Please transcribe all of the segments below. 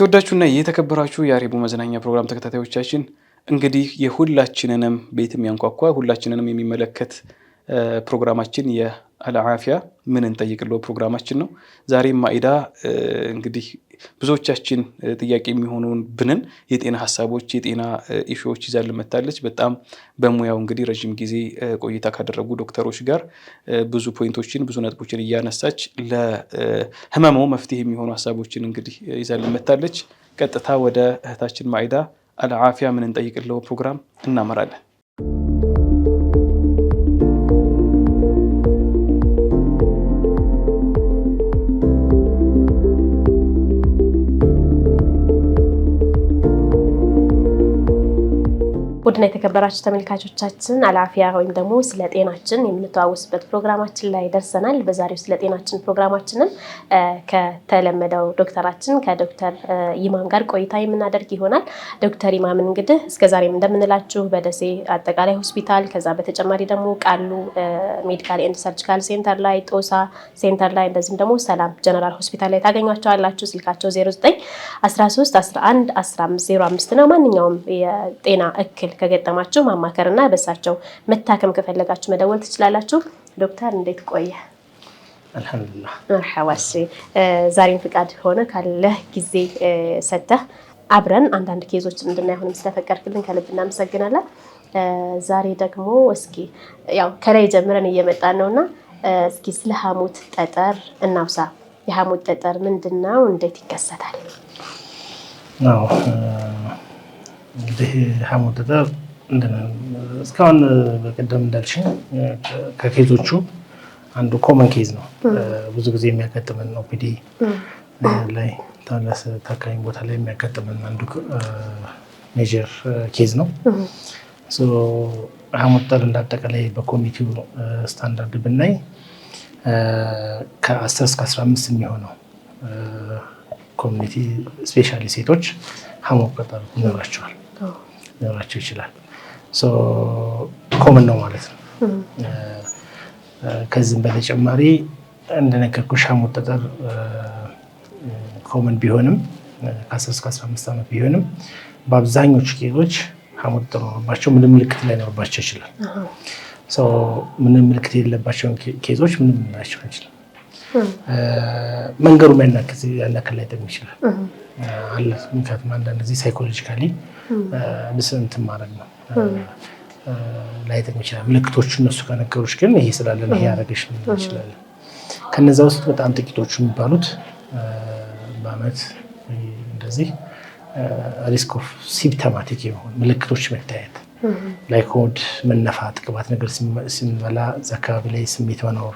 ተወዳችሁና የተከበራችሁ የአሬቡ መዝናኛ ፕሮግራም ተከታታዮቻችን እንግዲህ የሁላችንንም ቤት የሚያንኳኳ ሁላችንንም የሚመለከት ፕሮግራማችን የአልዓፊያ ምን እንጠይቅለው ፕሮግራማችን ነው። ዛሬም ማኢዳ እንግዲህ ብዙዎቻችን ጥያቄ የሚሆነውን ብንን የጤና ሀሳቦች የጤና ኢሹዎች ይዛ ልመታለች። በጣም በሙያው እንግዲህ ረዥም ጊዜ ቆይታ ካደረጉ ዶክተሮች ጋር ብዙ ፖይንቶችን ብዙ ነጥቦችን እያነሳች ለህመሙ መፍትሄ የሚሆኑ ሀሳቦችን እንግዲህ ይዛ ልመታለች። ቀጥታ ወደ እህታችን ማይዳ አልዓፊያ ምን እንጠይቅለው ፕሮግራም እናመራለን። ውድና የተከበራችሁ ተመልካቾቻችን አላፊያ ወይም ደግሞ ስለ ጤናችን የምንተዋወስበት ፕሮግራማችን ላይ ደርሰናል። በዛሬው ስለ ጤናችን ፕሮግራማችንም ከተለመደው ዶክተራችን ከዶክተር ይማም ጋር ቆይታ የምናደርግ ይሆናል። ዶክተር ይማምን እንግዲህ እስከዛሬም እንደምንላችሁ በደሴ አጠቃላይ ሆስፒታል፣ ከዛ በተጨማሪ ደግሞ ቃሉ ሜዲካል ኤንድ ሰርጂካል ሴንተር ላይ፣ ጦሳ ሴንተር ላይ እንደዚሁም ደግሞ ሰላም ጀነራል ሆስፒታል ላይ ታገኟቸዋላችሁ። ስልካቸው 09 13 11 15 05 ነው። ማንኛውም የጤና እክል ከገጠማችሁ ማማከርና በሳቸው መታከም ከፈለጋችሁ መደወል ትችላላችሁ። ዶክተር እንዴት ቆየ? አልሐምዱሊላህ ዛሬን ፍቃድ ሆነ ካለ ጊዜ ሰተህ አብረን አንዳንድ ኬዞች እንድናይ አሁንም ስለፈቀድክልን ከልብ እናመሰግናለን። ዛሬ ደግሞ እስኪ ያው ከላይ ጀምረን እየመጣን ነውና እስኪ ስለ ሐሞት ጠጠር እናውሳ። የሀሙት ጠጠር ምንድን ነው? እንዴት ይከሰታል? እንግዲህ ሀሞት ጠጠር እስካሁን በቀደም እንዳልሽ ከኬዞቹ አንዱ ኮመን ኬዝ ነው። ብዙ ጊዜ የሚያጋጥመን ነው። ኦፒዲ ላይ ታካሚ ቦታ ላይ የሚያጋጥመን አንዱ ሜጀር ኬዝ ነው። ሀሞት ጠጠር እንዳጠቃላይ በኮሚቴው ስታንዳርድ ብናይ ከ10 እስከ 15 የሚሆነው ኮሚኒቲ ስፔሻሊ ሴቶች ሀሞት ጠጠር ይኖራቸዋል። ሊኖራቸው ይችላል። ኮምን ነው ማለት ነው። hmm. ከዚህም በተጨማሪ እንደነገርኩሽ ሻሞጠጠር ጠጠር ኮመን ቢሆንም ከ10 እስከ 15 ዓመት ቢሆንም በአብዛኞቹ ቄሶች ሐሞት ጠጠር ምንም ምልክት ላይኖርባቸው ይችላል። ምንም ምልክት የሌለባቸውን ኬዞች ምንም ላቸው ይችላል። hmm. መንገዱ ያናክል ላይጠቅም ይችላል አለ ምክንያቱም አንዳንድ ጊዜ ሳይኮሎጂካሊ እንትን ማድረግ ነው ላይጠቅም ይችላል። ምልክቶቹ እነሱ ከነገሮች ግን ይሄ ስላለን ይሄ ያደረገሽ ይችላል። ከነዛ ውስጥ በጣም ጥቂቶቹ የሚባሉት በአመት እንደዚህ ሪስክ ኦፍ ሲምፕቶማቲክ የሆኑ ምልክቶች መታየት ላይክ ሆድ መነፋት፣ ቅባት ነገር ስንበላ እዛ አካባቢ ላይ ስሜት መኖር፣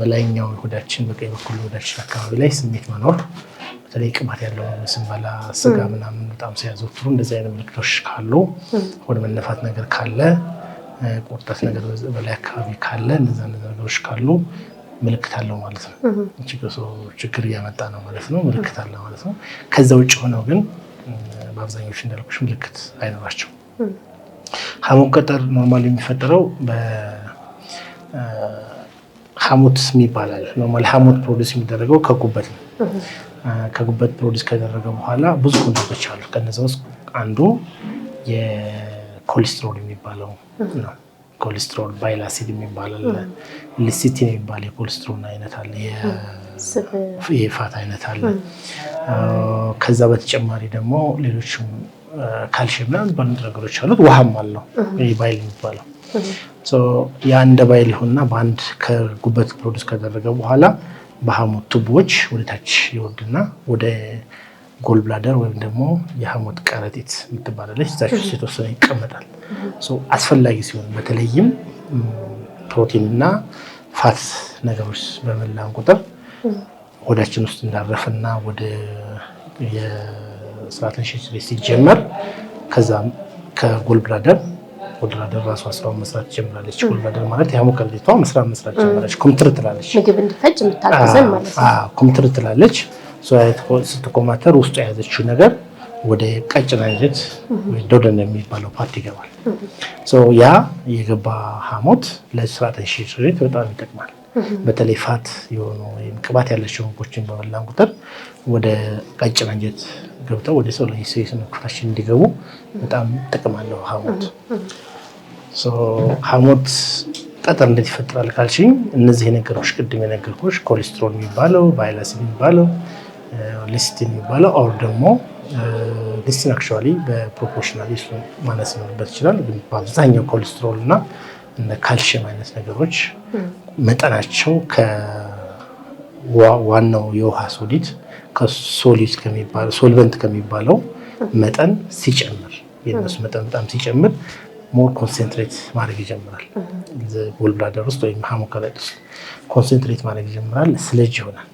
በላይኛው ሆዳችን በቀኝ በኩል ሆዳችን አካባቢ ላይ ስሜት መኖር በተለይ ቅባት ያለውን ስንበላ ስጋ ምናምን በጣም ሲያዘወትሩ እንደዚህ አይነት ምልክቶች ካሉ ወደ መነፋት ነገር ካለ ቁርጠት ነገር በላይ አካባቢ ካለ እነዛ ነገሮች ካሉ ምልክት አለው ማለት ነው። ችግር እያመጣ ነው ማለት ነው። ምልክት አለ ማለት ነው። ከዛ ውጭ ሆነው ግን በአብዛኞቹ እንዳልኩሽ ምልክት አይኖራቸው። ሐሞት ቀጠር ኖርማል የሚፈጠረው በሐሞት የሚባላል ኖርማል ሐሞት ፕሮዲስ የሚደረገው ከጉበት ነው። ከጉበት ፕሮዲስ ከደረገ በኋላ ብዙ ጉዳቶች አሉ። ከነዚ ውስጥ አንዱ የኮሌስትሮል የሚባለው ነው። ኮሌስትሮል ባይል አሲድ የሚባል አለ። ሊሲቲን የሚባል የኮሌስትሮል አይነት አለ። የፋት አይነት አለ። ከዛ በተጨማሪ ደግሞ ሌሎችም ካልሽምና በንድ ነገሮች አሉት። ውሃም አለው ባይል የሚባለው ያ እንደ ባይል ይሁንና በአንድ ከጉበት ፕሮዲስ ከደረገ በኋላ በሐሞት ቱቦዎች ታች ይወርድና ወደ ጎል ብላደር ወይም ደግሞ የሐሞት ከረጢት የምትባላለች እዛች ውስጥ የተወሰነ ይቀመጣል። አስፈላጊ ሲሆን በተለይም ፕሮቲን እና ፋት ነገሮች በመላን ቁጥር ሆዳችን ውስጥ እንዳረፈና ወደ የስርዓተ ነሽንስ ሲጀመር ከዛም ከጎል ብላደር ኮልራደር ራሷ ስራውን መስራት ጀምራለች። ኮልራደር ማለት ያው ከልጅቷ መስራት መስራት ጀምራለች። ኮምትር ትላለች፣ ምግብ እንድፈጭ የምታግዘን ማለት ነው። ኮምትር ትላለች። ስትኮማተር ውስጡ የያዘችው ነገር ወደ ቀጭን አይነት ወይም ዶደን የሚባለው ፓርት ይገባል። ያ የገባ ሐሞት ለስርዓተ ሽሽሪት በጣም ይጠቅማል። በተለይ ፋት የሆኑ ወይም ቅባት ያላቸው ምግቦችን በበላን ቁጥር ወደ ቀጭን አንጀት ገብተው ወደ ሰው ላይ ሰውነታችን እንዲገቡ በጣም ጥቅም አለው ሐሞት ሐሞት ጠጠር እንዴት ይፈጠራል ካልሽኝ እነዚህ ነገሮች ቅድም የነገርኩሽ ኮሌስትሮል የሚባለው ባይላስ የሚባለው ሊስት የሚባለው ኦር ደግሞ ሊስትን አክቹዋሊ በፕሮፖርሽናል ሱ ማነስ ሊኖርበት ይችላል። ግን በአብዛኛው ኮሌስትሮል እና እንደ ካልሽየም አይነት ነገሮች መጠናቸው ከዋናው የውሃ ሶሊድ ከሶሊድ ሶልቨንት ከሚባለው መጠን ሲጨምር የነሱ መጠን በጣም ሲጨምር ሞር ኮንሴንትሬት ማድረግ ይጀምራል። ጎል ብላደር ውስጥ ወይም ሃሞካላይድ ውስጥ ኮንሴንትሬት ማድረግ ይጀምራል። ስለጅ ይሆናል።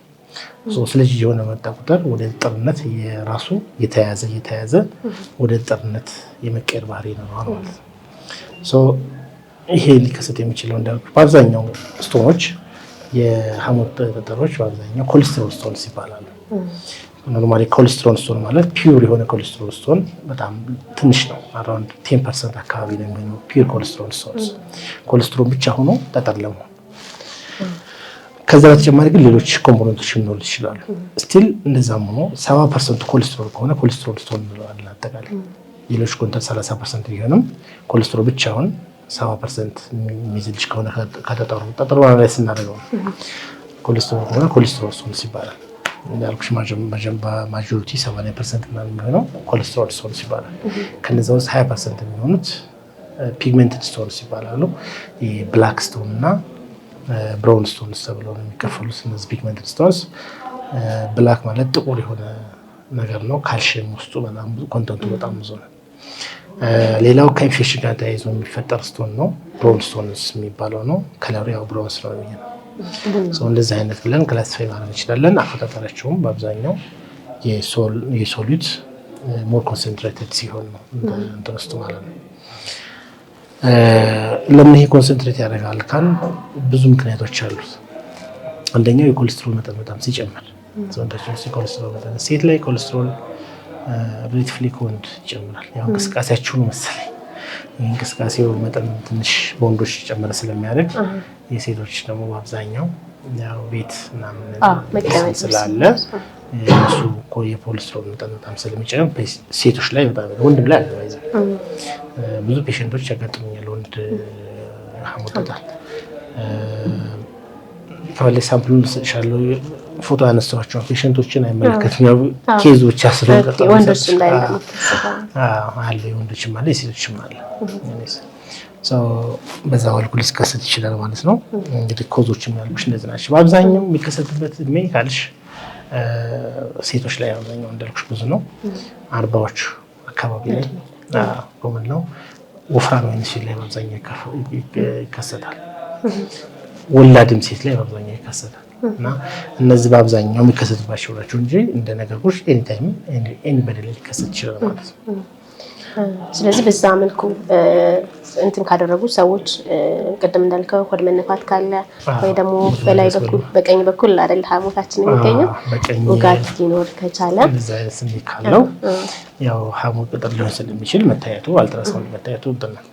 ስለጅ የሆነ መጣ ቁጥር ወደ ጥርነት የራሱ የተያዘ የተያዘ ወደ ጥርነት የመቀየር ባህሪ ይኖረዋል ማለት ነው። ይሄ ሊከሰት የሚችለው እንዳልኩ በአብዛኛው ስቶኖች የሃሞት ጠጠሮች በአብዛኛው ኮሌስትሮል ስቶንስ ይባላሉ። ኖርማሊ ኮሌስትሮል ስቶን ማለት ፒውር የሆነ ኮሌስትሮል ስቶን በጣም ትንሽ ነው። አራውንድ ቴን ፐርሰንት አካባቢ ነው የሚሆነው ፒውር ኮሌስትሮል ስቶን፣ ኮሌስትሮል ብቻ ሆኖ ጠጠር ለመሆን ከዛ በተጨማሪ ግን ሌሎች ኮምፖነንቶች ሊኖሩ ይችላሉ። ስቲል እንደዛም ሆኖ ሰባ ፐርሰንቱ ኮሌስትሮል ከሆነ ኮሌስትሮል ስቶን እንለዋለን። አጠቃላይ ሌሎች ኮንተ ሰላሳ ፐርሰንት ቢሆንም ኮሌስትሮል ብቻውን ሰባ ፐርሰንት የሚይዝልሽ ከሆነ ከተጠሩ ጠጠሩ ላይ ስናደርገው ኮሌስትሮል ከሆነ ኮሌስትሮል ስቶን ይባላል። እንዳልኩሽ ማጆሪቲ ሰማንያ ፐርሰንት ምናምን የሚሆነው ኮለስትሮል ስቶንስ ይባላል። ከነዛ ውስጥ ሀያ ፐርሰንት የሚሆኑት ፒግመንትድ ስቶንስ ይባላሉ። ብላክ ስቶን እና ብራውን ስቶንስ ተብሎ ነው የሚከፈሉት። እነዚህ ፒግመንትድ ስቶንስ ብላክ ማለት ጥቁር የሆነ ነገር ነው። ካልሽየም ውስጡ በጣም ኮንተንቱ በጣም ብዙ ነው። ሌላው ከኢንፌክሽን ጋር ተያይዞ የሚፈጠር ስቶን ነው። ብሮን ስቶንስ የሚባለው ነው። ከለሩ ያው ብሮን ነው ነው እንደዚህ አይነት ብለን ክላሲፋይ ማድረግ እንችላለን። አፈጣጠራቸውም በአብዛኛው የሶሉት ሞር ኮንሰንትሬትድ ሲሆን ነው እንትን ማለት ነው። ለምን ይሄ ኮንሰንትሬት ያደርጋል ካል ብዙ ምክንያቶች አሉት። አንደኛው የኮሌስትሮል መጠን በጣም ሲጨምር ሰውነታችን ውስጥ የኮሌስትሮል መጠን ሴት ላይ ኮሌስትሮል ሬት ፍሊ ከወንድ ይጨምራል። ያው እንቅስቃሴያችሁን መሰለኝ እንቅስቃሴው መጠን ትንሽ በወንዶች ጨመረ ስለሚያደርግ የሴቶች ደግሞ በአብዛኛው ያው ቤት ምናምን ስላለ እሱ እኮ የኮሌስትሮል መጠን በጣም ስለሚጨምር ሴቶች ላይ በጣም ወንድም ላይ አለ ብዙ ፔሽንቶች ያጋጥሙኛል። ወንድ ሀሞት በጣም ሳምፕሉን እሰጥሻለሁ ፎቶ ያነሳቸው ፔሽንቶችን አይመለከትም። ያው ኬዝ ብቻ ስለቀጠሉ አለ የወንዶችም አለ የሴቶችም አለ። በዛ መልኩ ሊከሰት ይችላል ማለት ነው። እንግዲህ ኮዞችም ያልኩሽ እንደዚህ ናቸው። በአብዛኛው የሚከሰትበት እድሜ ካልሽ ሴቶች ላይ አብዛኛው እንዳልኩሽ ብዙ ነው። አርባዎች አካባቢ ላይ ኮመን ነው። ወፍራም አይነት ሴት ላይ በአብዛኛው ይከሰታል። ወላድም ሴት ላይ በአብዛኛው ይከሰታል። እና እነዚህ በአብዛኛው የሚከሰቱባቸው ናቸው እንጂ እንደ ነገሮች ኤኒታይም ኤኒ ሊከሰት ይችላል ማለት ነው። ስለዚህ በዛ መልኩ እንትን ካደረጉ ሰዎች ቅድም እንዳልከው ሆድ መነፋት ካለ ወይ ደግሞ በላይ በኩል በቀኝ በኩል አደል ሐሞታችን የሚገኘው ውጋት ሊኖር ከቻለ ስሜት ካለው ያው ሐሞት ቅጥር ሊሆን ስለሚችል መታየቱ አልትራሳውንድ መታየቱ ብናል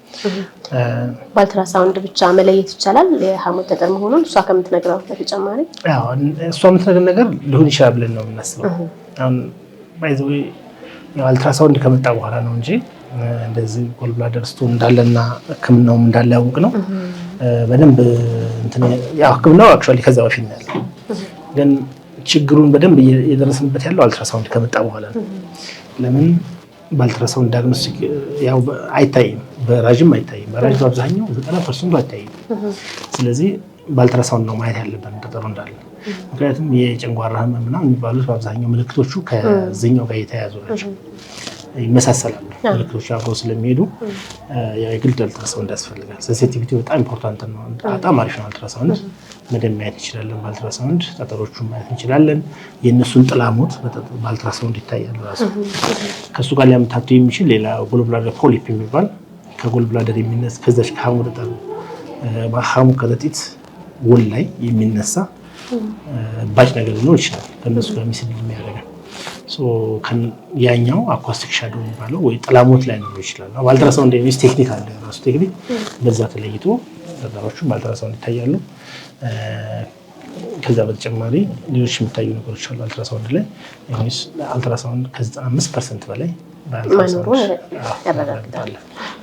በአልትራሳውንድ ብቻ መለየት ይቻላል የሐሞት ጠጠር መሆኑን እሷ ከምትነግረው በተጨማሪ እሷ የምትነግር ነገር ሊሆን ይችላል ብለን ነው የምናስበው። አልትራሳውንድ ከመጣ በኋላ ነው እንጂ እንደዚህ ጎልብላደር ስቶን እንዳለና ሕክምናውም እንዳለ ያውቅ ነው በደንብ ህክምናው አክቹዋሊ ከዛ በፊት ነው ያለው ግን ችግሩን በደንብ የደረስንበት ያለው አልትራሳውንድ ከመጣ በኋላ ነው። ለምን በአልትራሳውንድ ዳግኖስቲክ ያው አይታይም፣ በራዥም አይታይም። በራዥ በአብዛኛው ዘጠና ፐርሰንቱ አይታይም። ስለዚህ ባልትራሳውን ነው ማየት ያለብን ጠጠሩ እንዳለ። ምክንያቱም የጨንጓራ ህመም ምናምን የሚባሉት በአብዛኛው ምልክቶቹ ከዝኛው ጋር የተያያዙ ናቸው፣ ይመሳሰላሉ። ምልክቶቹ አብረው ስለሚሄዱ የግድ አልትራሳውንድ ያስፈልጋል። ሴንሲቲቪቲ በጣም ኢምፖርታንት ነው። በጣም አሪፍ ነው። አልትራሳውንድ መደብ ማየት እንችላለን። በአልትራሳውንድ ጠጠሮቹን ማየት እንችላለን። የእነሱን ጥላሞት በአልትራሳውንድ ይታያል። ራሱ ከእሱ ጋር ሊያምታቱ የሚችል ሌላ ጎልብላደር ፖሊፕ የሚባል ከጎልብላደር የሚነስ ከዛች ከሀሙ ጠጠር ሀሙ ከረጢት ውል ላይ የሚነሳ ባጭ ነገር ሊኖር ይችላል። ከእነሱ ጋር ሚስል የሚያደርገን ያኛው አኳስቲክ ሻዶ የሚባለው ወይ ጥላሞት ላይ ሊኖር ይችላል። እንደ የሚስ ቴክኒክ አለ። ራሱ ቴክኒክ በዛ ተለይቶ ነገሮቹ ባልትራሳውንድ ይታያሉ። ከዛ በተጨማሪ ሌሎች የሚታዩ ነገሮች አሉ አልትራሳውንድ ላይ አልትራሳውንድ ከ አምስት ፐርሰንት በላይ መኖሩ ያረጋግጣል።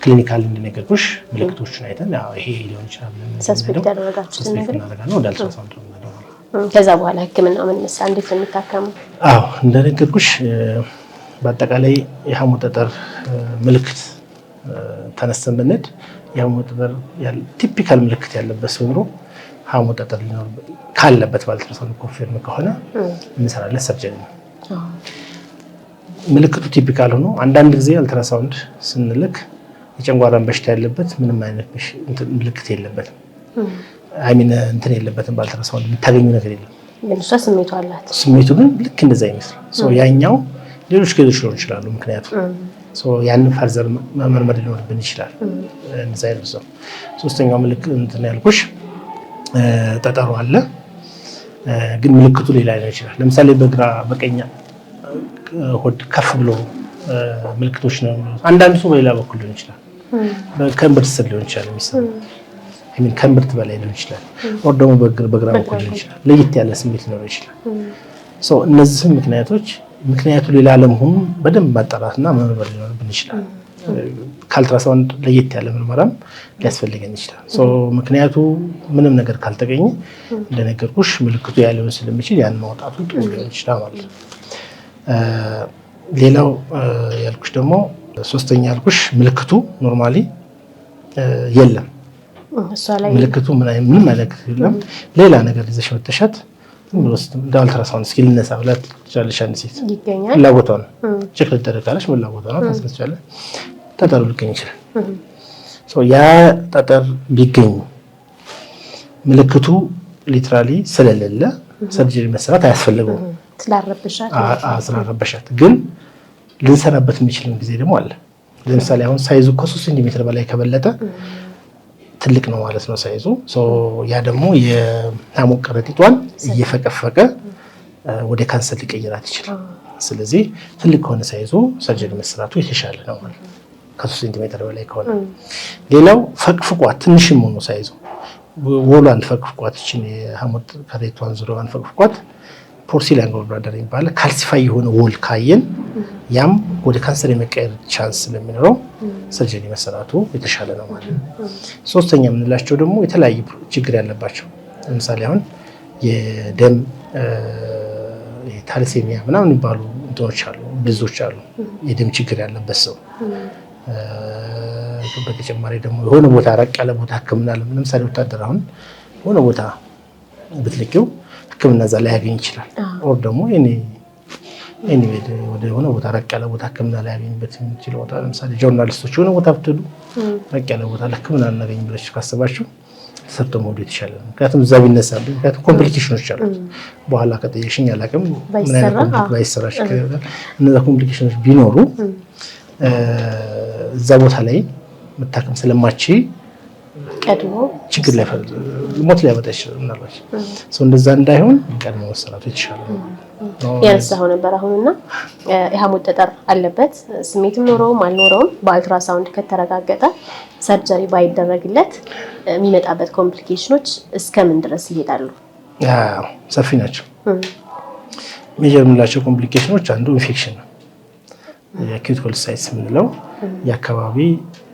ክሊኒካል እንደነገርኩሽ ምልክቶችን አይተን ይሄ ሊሆን ይችላል ሰስፔክት ነገር እናደርጋለን ወደ ከዛ በኋላ ህክምና ምን መሰለህ እንዴት ነው የሚታከመው? አዎ እንደነገርኩሽ በአጠቃላይ የሐሞት ጠጠር ምልክት ተነስተን ብንሄድ የሐሞት ጠጠር ቲፒካል ምልክት ያለበት ሰው ኑሮ ሐሞት ጠጠር ሊኖር ካለበት በአልትራሳውንድ ኮንፊርም ከሆነ እንሰራለን ሰርጀሪ ነው ምልክቱ ቲፒካል ሆኖ አንዳንድ ጊዜ አልትራሳውንድ ስንልክ የጨንጓራን በሽታ ያለበት ምንም አይነት ምልክት የለበትም። አይሚን እንትን የለበትም። በአልትራሳውንድ የምታገኙ ነገር የለም። ስሜቱ አላት። ስሜቱ ግን ልክ እንደዛ ይመስል ያኛው ሌሎች ኬዞች ሊሆን ይችላሉ። ምክንያቱም ያንን ፈርዘር መመርመር ሊኖርብን ይችላል። እንደዛ ሰው ሶስተኛው ምልክት እንትን ያልኩሽ ጠጠሩ አለ፣ ግን ምልክቱ ሌላ ሊሆን ይችላል። ለምሳሌ በግራ በቀኛ ሆድ ከፍ ብሎ ምልክቶች ነው። አንዳንድ ሰው በሌላ በኩል ሊሆን ይችላል፣ ከእምብርት ስር ሊሆን ይችላል የሚሰማው ከእምብርት በላይ ሊሆን ይችላል፣ ወር ደግሞ በግራ በኩል ሊሆን ይችላል። ለየት ያለ ስሜት ሊኖር ይችላል። እነዚህም ምክንያቶች ምክንያቱ ሌላ አለመሆኑን በደንብ ማጣራትና መመርመር ሊኖርብን ይችላል። ከአልትራሳውንድ ለየት ያለ ምርመራም ሊያስፈልገን ይችላል። ምክንያቱ ምንም ነገር ካልተገኘ እንደነገርኩሽ ምልክቱ ያለውን ስለሚችል ያን ማውጣቱ ጥሩ ሊሆን ይችላል ማለት ነው። ሌላው ያልኩሽ ደግሞ ሶስተኛ ያልኩሽ ምልክቱ ኖርማሊ የለም። ምልክቱ ምንም አይነት የለም። ሌላ ነገር ይዘሽ መተሻት እንደ አልትራሳውንድ እስኪ ልነሳ ብላ ትችላለሽ። አንድ ሴት ፍላጎቷ ነው ቼክ ልደረጋለች ካለሽ ፍላጎቷ ነው ታስነስቻለ። ጠጠሩ ሊገኝ ይችላል። ያ ጠጠር ቢገኝ ምልክቱ ሊትራሊ ስለሌለ ሰርጀሪ መሰራት አያስፈልገውም። ስላረበሻት ግን ልንሰራበት የሚችልን ጊዜ ደግሞ አለ። ለምሳሌ አሁን ሳይዙ ከሶስት ሴንቲሜትር በላይ ከበለጠ ትልቅ ነው ማለት ነው ሳይዙ። ያ ደግሞ የሐሞት ከረጢቷን እየፈቀፈቀ ወደ ካንሰር ሊቀይራት ይችላል። ስለዚህ ትልቅ ከሆነ ሳይዙ ሰርጀሪ መስራቱ የተሻለ ነው ማለት ነው ከሶስት ሴንቲሜትር በላይ ከሆነ። ሌላው ፈቅፍቋት ትንሽም ሆኖ ሳይዙ ወሏን ፈቅፍቋት፣ ይችን የሐሞት ከረጢቷን ዙሪያዋን ፈቅፍቋት ፖርሲላን ጎልብላደር የሚባለ ካልሲፋይ የሆነ ወል ካየን ያም ወደ ካንሰር የመቀየር ቻንስ ስለሚኖረው ሰርጀሪ መሰራቱ የተሻለ ነው ማለት ነው። ሶስተኛ የምንላቸው ደግሞ የተለያዩ ችግር ያለባቸው ለምሳሌ አሁን የደም ታሊሴሚያ ምናምን የሚባሉ እንትኖች አሉ፣ ብዞች አሉ። የደም ችግር ያለበት ሰው በተጨማሪ ደግሞ የሆነ ቦታ ራቅ ያለ ቦታ ሕክምና ለምሳሌ ወታደር አሁን የሆነ ቦታ ብትልኪው ሕክምና እዛ ላይ ያገኝ ይችላል። ኦር ደግሞ ወደ የሆነ ቦታ ረቅ ያለ ቦታ ህክምና ላይ ያገኝበት የሚችል ቦታ ለምሳሌ ጆርናሊስቶች የሆነ ቦታ ብትሄዱ ረቅ ያለ ቦታ ለሕክምና እናገኝ ብለች ካስባችሁ ሰርቶ መውዱ የተሻለ ነው። ምክንያቱም እዛ ቢነሳ ምክንያቱም ኮምፕሊኬሽኖች አሉት። በኋላ ከጠየሽኝ አላቅም ምን አይነት ባይሰራሽ እነዛ ኮምፕሊኬሽኖች ቢኖሩ እዛ ቦታ ላይ ምታክም ስለማች ችግር ላይ ሞት ሊያመጣ ይችላል። ምናልባት ሰው እንደዛ እንዳይሆን ቀድሞ መሰራቱ የተሻለ ነው። ያነሳሁ ነበር አሁን እና የሐሞት ጠጠር አለበት ስሜትም ኖረውም አልኖረውም በአልትራሳውንድ ከተረጋገጠ ሰርጀሪ ባይደረግለት የሚመጣበት ኮምፕሊኬሽኖች እስከምን ድረስ ይሄዳሉ? ሰፊ ናቸው። ሜጀር የምንላቸው ኮምፕሊኬሽኖች አንዱ ኢንፌክሽን ነው። የአኪዩት ኮልሳይትስ የምንለው የአካባቢ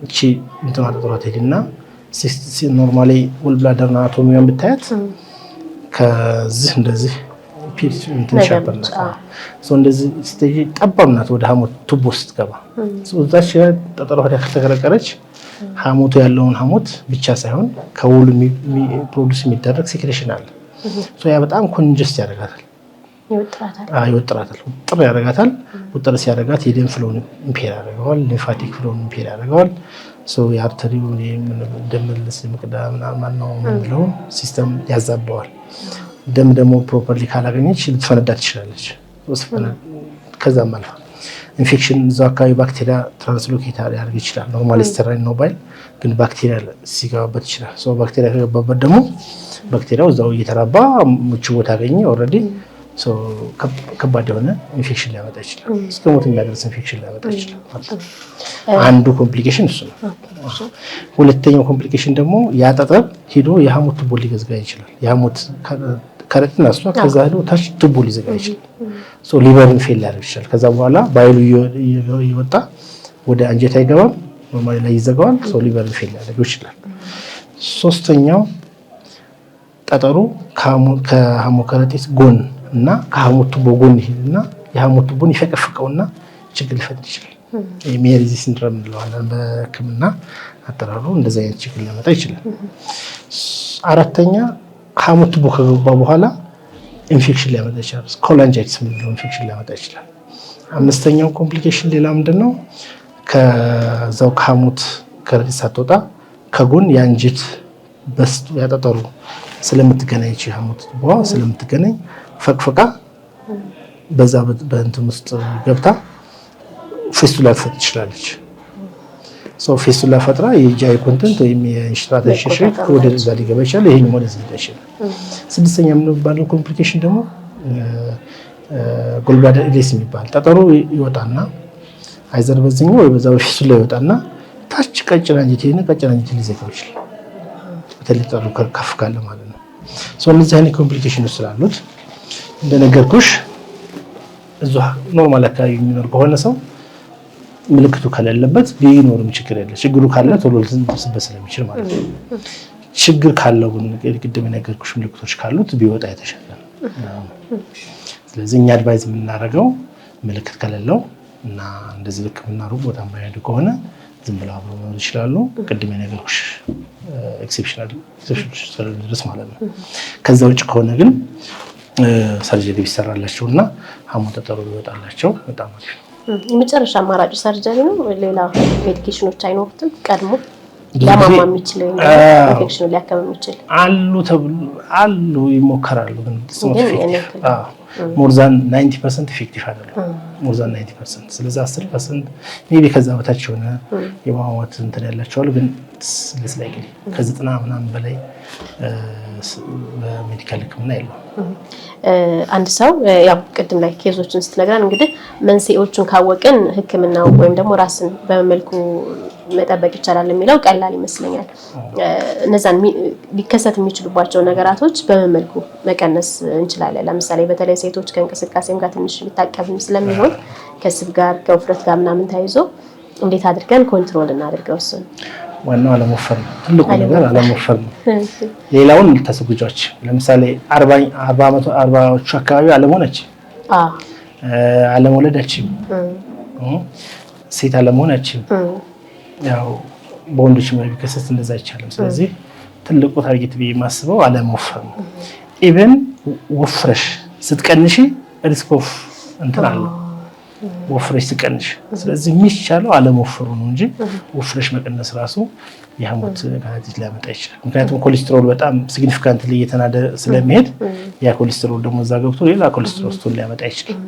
እቺ እንትን አጠጠሯት ሄድና ኖርማሊ ውል ና አቶሚያን ብታያት ከዚህ እንደዚህ እንደዚህ ጠባብ ናት። ወደ ሐሞት ቱቦ ስትገባ እዛች ጠጠሯ ወዲያ ከተቀረቀረች ሐሞቱ ያለውን ሐሞት ብቻ ሳይሆን ከውሉ ፕሮዲስ የሚደረግ ሴክሬሽን አለ። ያ በጣም ኮንጀስት ያደርጋታል፣ ይወጥራታል፣ ውጥር ያደርጋታል። ውጥር ሲያደርጋት የደም ፍሎን ኢምፔር ያደርገዋል፣ ሊምፋቲክ ፍሎን ኢምፔር ያደርገዋል። ሰው የአርተሪውን ደመልስ መቅዳ ምናምን ነው የምንለው ሲስተም ያዛባዋል። ደም ደግሞ ፕሮፐርሊ ካላገኘች ልትፈነዳ ትችላለች። hmm. ከዛም አልፋ ኢንፌክሽን እዛ አካባቢ ባክቴሪያ ትራንስሎኬት ሊያደርግ ይችላል። ኖርማል ስተራይል hmm. ነው ግን ባክቴሪያ ሲገባበት ይችላል። ባክቴሪያ ከገባበት ደግሞ ባክቴሪያው እዛው እየተራባ ምቹ ቦታ አገኘ ኦልሬዲ ከባድ የሆነ ኢንፌክሽን ሊያመጣ ይችላል። እስከ ሞት የሚያደርስ ኢንፌክሽን ሊያመጣ ይችላል አንዱ ኮምፕሊኬሽን እሱ ነው። ሁለተኛው ኮምፕሊኬሽን ደግሞ ያጠጠብ ሄዶ የሐሞት ቱቦ ሊገዝጋ ይችላል። የሐሞት ከረጢት አስቷ ከዛ ሄዶ ታች ቱቦ ሊዘጋ ይችላል። ሊቨርን ፌል ሊያደርግ ይችላል። ከዛ በኋላ ባይሉ እየወጣ ወደ አንጀት አይገባም፣ ላይ ይዘጋዋል። ሊቨርን ፌል ሊያደርግ ይችላል። ሶስተኛው ጠጠሩ ከሐሞት ከረጢት ጎን እና ከሐሞት ቱቦ ጎን ይሄድና የሐሞት ቱቦን ይፈቀፍቀውና ችግር ሊፈጥር ይችላል። የሜሪዚ ሲንድረም እንለዋለን በሕክምና አጠራሩ። እንደዚህ አይነት ችግር ሊያመጣ ይችላል። አራተኛ ከሐሞት ቱቦ ከገባ በኋላ ኢንፌክሽን ሊያመጣ ይችላል። ኮላንጃይትስ የምንለው ኢንፌክሽን ሊያመጣ ይችላል። አምስተኛው ኮምፕሊኬሽን ሌላ ምንድን ነው? ከዛው ከሐሞት ከረጢት ሳትወጣ ከጎን የአንጀት በስጡ ያጠጠሩ ስለምትገናኝ ሐሞት ቱቦዋ ስለምትገናኝ በዛ በእንትን ውስጥ ገብታ ፌስቱላ ትፈጥር ትችላለች። ሰው ፌስቱላ ፈጥራ የጃይ ኮንተንት ወይም የእንሽራተት ሽሽት ወደዛ ሊገባ ይችላል። ይሄ ወደዚ ሊዳ ይችላል። ስድስተኛ የምንባለው ኮምፕሊኬሽን ደግሞ ጎልብላደር ኢሌስ የሚባል ጠጠሩ ይወጣና አይዘር በዚኛው ወይ በዛ በፌስቱላ ይወጣና ታች ቀጭን ይሄን ቀጭን አንጀቴ ሊዘጋው ይችላል። በተለይ ጠጠሩ ከፍ ካለ ማለት ነው። እነዚህ አይነት ኮምፕሊኬሽኖች ስላሉት እንደነገርኩሽ እዙ ኖርማል አካባቢ የሚኖር ከሆነ ሰው ምልክቱ ከሌለበት ቢኖርም ችግር የለም። ችግሩ ካለ ቶሎ ልትደርስበት ስለሚችል ማለት ነው። ችግር ካለው ግን ቅድም የነገርኩሽ ምልክቶች ካሉት ቢወጣ የተሻለ ነው። ስለዚህ እኛ አድቫይዝ የምናደርገው ምልክት ከሌለው እና እንደዚህ ልክ ሩቅ ቦታ የማይሄዱ ከሆነ ዝም ብለው አብረው መኖር ይችላሉ። ቅድም የነገርኩሽ ኤክሴፕሽናል ድረስ ማለት ነው። ከዛ ውጭ ከሆነ ግን ሰርጀሪ ቢሰራላቸው እና ሀሞተ ተጠሩ ቢወጣላቸው በጣም አሪፍ የመጨረሻ አማራጭ ሰርጀሪ ነው። ሌላ ሜዲኬሽኖች አይኖሩትም ቀድሞ ሊያማማ የሚችል ኢንፌክሽን ሊያከም የሚችል አሉ ተብሎ አሉ ይሞከራሉ፣ ግን ሞርዛን 90 ፐርሰንት ኢፌክቲቭ አይደለም። ሞርዛን 90 ፐርሰንት ስለዚህ 10 ፐርሰንት ሜይ ቢ ከዛ በታች የሆነ የማሟት እንትን ያላቸዋሉ፣ ግን ላይ እንግዲህ ከዘጠና ምናምን በላይ በሜዲካል ሕክምና የለውም። አንድ ሰው ያው ቅድም ላይ ኬዞችን ስትነግረን እንግዲህ መንስኤዎቹን ካወቅን ሕክምናው ወይም ደግሞ ራስን በመልኩ መጠበቅ ይቻላል የሚለው ቀላል ይመስለኛል። እነዛን ሊከሰት የሚችሉባቸው ነገራቶች በምን መልኩ መቀነስ እንችላለን? ለምሳሌ በተለይ ሴቶች ከእንቅስቃሴም ጋር ትንሽ ሊታቀብም ስለሚሆን ከስብ ጋር ከውፍረት ጋር ምናምን ተያይዞ እንዴት አድርገን ኮንትሮል እናድርገው? እሱን ዋናው አለመወፈር ነው። ትልቁ ነገር አለመወፈር ነው። ሌላውን ልታስጉጃች ለምሳሌ አርባዎቹ አካባቢ አለመሆነች አለመውለዳችም ሴት አለመሆናችም ያው በወንዶች ላይ ቢከሰት እንደዛ አይቻልም። ስለዚህ ትልቁ ታርጌት ብዬ የማስበው አለመወፈር ነው። ኢቨን ወፍረሽ ስትቀንሽ ሪስክ ኦፍ እንትን አለው ወፍረሽ ስቀንሽ። ስለዚህ የሚቻለው አለመወፈሩ ነው እንጂ ወፍረሽ መቀነስ ራሱ የሐሞት ጋዜት ሊያመጣ ይችላል። ምክንያቱም ኮሌስትሮል በጣም ሲግኒፊካንት ላይ እየተናደ ስለሚሄድ ያ ኮሌስትሮል ደግሞ እዛ ገብቶ ሌላ ኮሌስትሮል ስቶን ሊያመጣ ይችላል።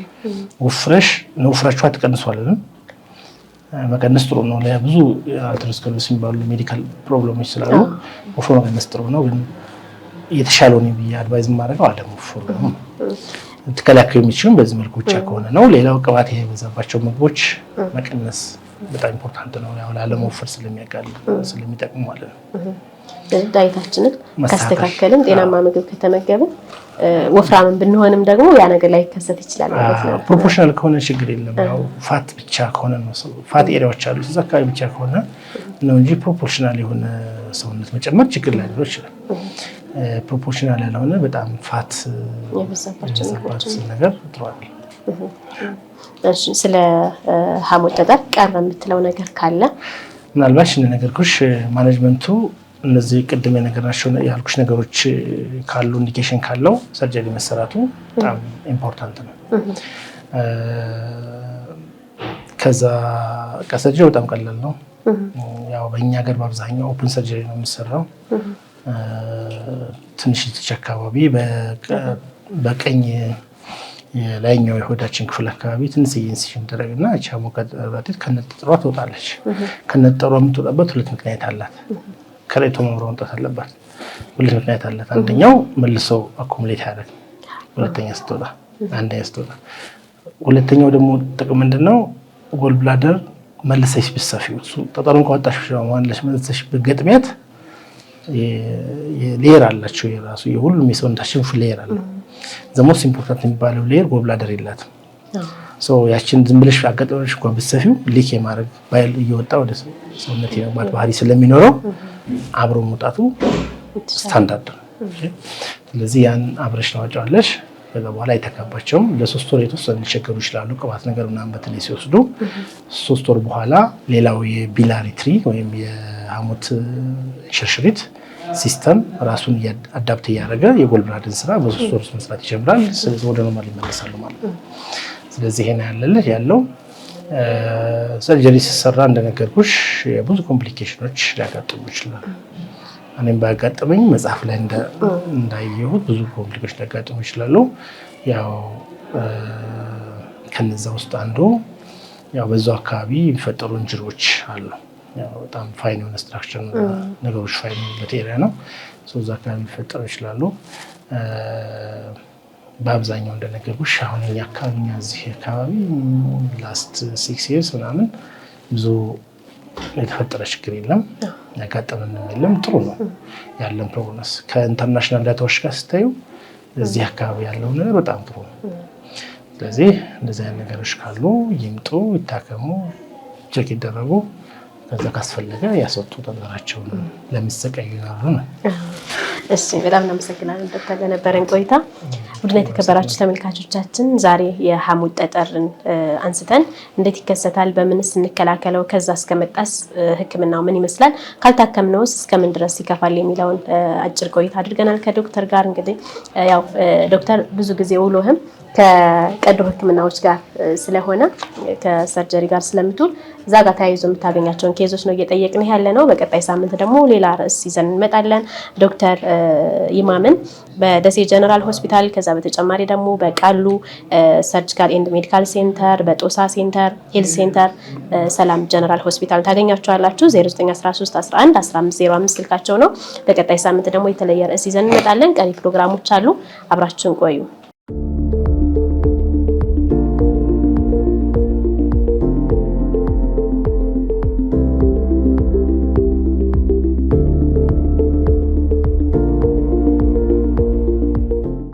ወፍረሽ ነው ወፍራችኋ ትቀንሷለን መቀነስ ጥሩ ነው። ለብዙ አተሮስክለሮሲስ የሚባሉ ሜዲካል ፕሮብለሞች ስላሉ ወፎ መቀነስ ጥሩ ነው፣ ግን የተሻለው ነው ብዬ አድቫይዝ የማደርገው አለም ወፎ የሚችሉም በዚህ መልኩ ብቻ ከሆነ ነው። ሌላው ቅባት የበዛባቸው ምግቦች መቀነስ በጣም ኢምፖርታንት ነው፣ ያው ላለመወፈር ስለሚያጋል ስለሚጠቅሙ ማለት ነው። ዳይታችንን ካስተካከልን ጤናማ ምግብ ከተመገብን ወፍራምን ብንሆንም ደግሞ ያ ነገር ላይ ይከሰት ይችላል ማለት ነው። ፕሮፖርሽናል ከሆነ ችግር የለም። ያው ፋት ብቻ ከሆነ ነው ፋት ኤሪያዎች አሉ እዛ አካባቢ ብቻ ከሆነ ነው እንጂ ፕሮፖርሽናል የሆነ ሰውነት መጨመር ችግር ላይ ሊኖር ይችላል። ፕሮፖርሽናል ያልሆነ በጣም ፋት የበዛባቸው ነገር ጥሯል። ስለ ሀሞት ጠጠር ቀረ የምትለው ነገር ካለ ምናልባት ነገር ኩሽ ማኔጅመንቱ እነዚህ ቅድም የነገርናቸው ያልኩሽ ነገሮች ካሉ ኢንዲኬሽን ካለው ሰርጀሪ መሰራቱ በጣም ኢምፖርታንት ነው። ከዛ ቀሰጀ በጣም ቀላል ነው። ያው በእኛ ሀገር በአብዛኛው ኦፕን ሰርጀሪ ነው የሚሰራው። ትንሽ ትች አካባቢ በቀኝ የላይኛው የሆዳችን ክፍል አካባቢ ትንሽ ኢንሲሽን ተደረግና ቻሞ ከነጠጠሯ ትወጣለች። ከነጠጠሯ የምትወጣበት ሁለት ምክንያት አላት። ከላይ ተመምሮ መምጣት አለባት። ሁለት ምክንያት አላት። አንደኛው መልሶ አኮሙሌት ያደረግ ሁለተኛ ስትወጣ አንደኛ ስትወጣ ሁለተኛው ደግሞ ጥቅም ምንድን ነው? ጎል ብላደር መልሰሽ ብትሰፊ እሱ ጠጠሩን ከወጣሽ ማለሽ መልሰሽ ብትገጥሚያት ሌየር አላቸው የራሱ የሁሉም የሰውነታችን ሌየር አለው። ዘሞስ ኢምፖርታንት የሚባለው ሌየር ጎብላደር የላትም። ያችን ዝም ብለሽ አጋጥሎሽ እንኳን ብትሰፊው ሊክ የማድረግ ባይል እየወጣ ወደ ሰውነት የመግባት ባህሪ ስለሚኖረው አብሮ መውጣቱ ስታንዳርድ ነው። ስለዚህ ያን አብረሽ ታዋጫዋለሽ። ከዛ በኋላ አይተካባቸውም። ለሶስት ወር የተወሰነ ሊቸገሩ ይችላሉ። ቅባት ነገር ምናምን በተለይ ሲወስዱ ሶስት ወር በኋላ ሌላው የቢላሪትሪ ወይም የሐሞት ሽርሽሪት ሲስተም ራሱን አዳፕት እያደረገ የጎልብላድን ስራ በሶስት ወር ውስጥ መስራት ይጀምራል። ስለዚህ ወደ ኖርማል ይመለሳሉ ማለት ነው። ስለዚህ ይሄን ያለልህ ያለው ሰርጀሪ ሲሰራ እንደነገርኩሽ ብዙ ኮምፕሊኬሽኖች ሊያጋጥሙ ይችላል። እኔም ባያጋጥመኝ መጽሐፍ ላይ እንዳየሁት ብዙ ኮምፕሊኬሽን ሊያጋጥሙ ይችላሉ። ያው ከነዛ ውስጥ አንዱ ያው በዛው አካባቢ የሚፈጠሩ እንጅሮች አሉ። በጣም ፋይን የሆነ ስትራክቸር ነገሮች ፋይን በት ኤሪያ ነው። እዛ አካባቢ ሊፈጠሩ ይችላሉ። በአብዛኛው እንደነገርኩሽ አሁን እኛ አካባቢ እዚህ አካባቢ ላስት ሲክስ ይርስ ምናምን ብዙ የተፈጠረ ችግር የለም፣ ያጋጠመንም የለም። ጥሩ ነው ያለን ፕሮግነስ ከኢንተርናሽናል ዳታዎች ጋር ስታዩ እዚህ አካባቢ ያለው ነገር በጣም ጥሩ ነው። ስለዚህ እንደዚህ አይነት ነገሮች ካሉ ይምጡ፣ ይታከሙ፣ ቼክ ይደረጉ። ከዛ ካስፈለገ ያስወጡ ጠጠራቸውን ለሚሰቃዩ ይኖሩ ነው እሺ በጣም እናመሰግናለን ዶክተር ለነበረን ቆይታ። ቡድና የተከበራችሁ ተመልካቾቻችን ዛሬ የሐሞት ጠጠርን አንስተን እንዴት ይከሰታል፣ በምንስ እንከላከለው፣ ከዛ እስከመጣስ ሕክምናው ምን ይመስላል፣ ካልታከምነውስ እስከምን ድረስ ይከፋል የሚለውን አጭር ቆይታ አድርገናል ከዶክተር ጋር። እንግዲህ ያው ዶክተር ብዙ ጊዜ ውሎህም ከቀዶ ሕክምናዎች ጋር ስለሆነ ከሰርጀሪ ጋር ስለምትውል እዛ ጋር ተያይዞ የምታገኛቸውን ኬዞች ነው እየጠየቅን ያለ ነው። በቀጣይ ሳምንት ደግሞ ሌላ ርዕስ ይዘን እንመጣለን። ዶክተር ይማምን በደሴ ጀነራል ሆስፒታል፣ ከዛ በተጨማሪ ደግሞ በቃሉ ሰርጂካል ኤንድ ሜዲካል ሴንተር፣ በጦሳ ሴንተር፣ ሄልት ሴንተር፣ ሰላም ጀነራል ሆስፒታል ታገኛቸዋላችሁ። 0913111505 ስልካቸው ነው። በቀጣይ ሳምንት ደግሞ የተለየ ርዕስ ይዘን እንመጣለን። ቀሪ ፕሮግራሞች አሉ። አብራችሁን ቆዩ።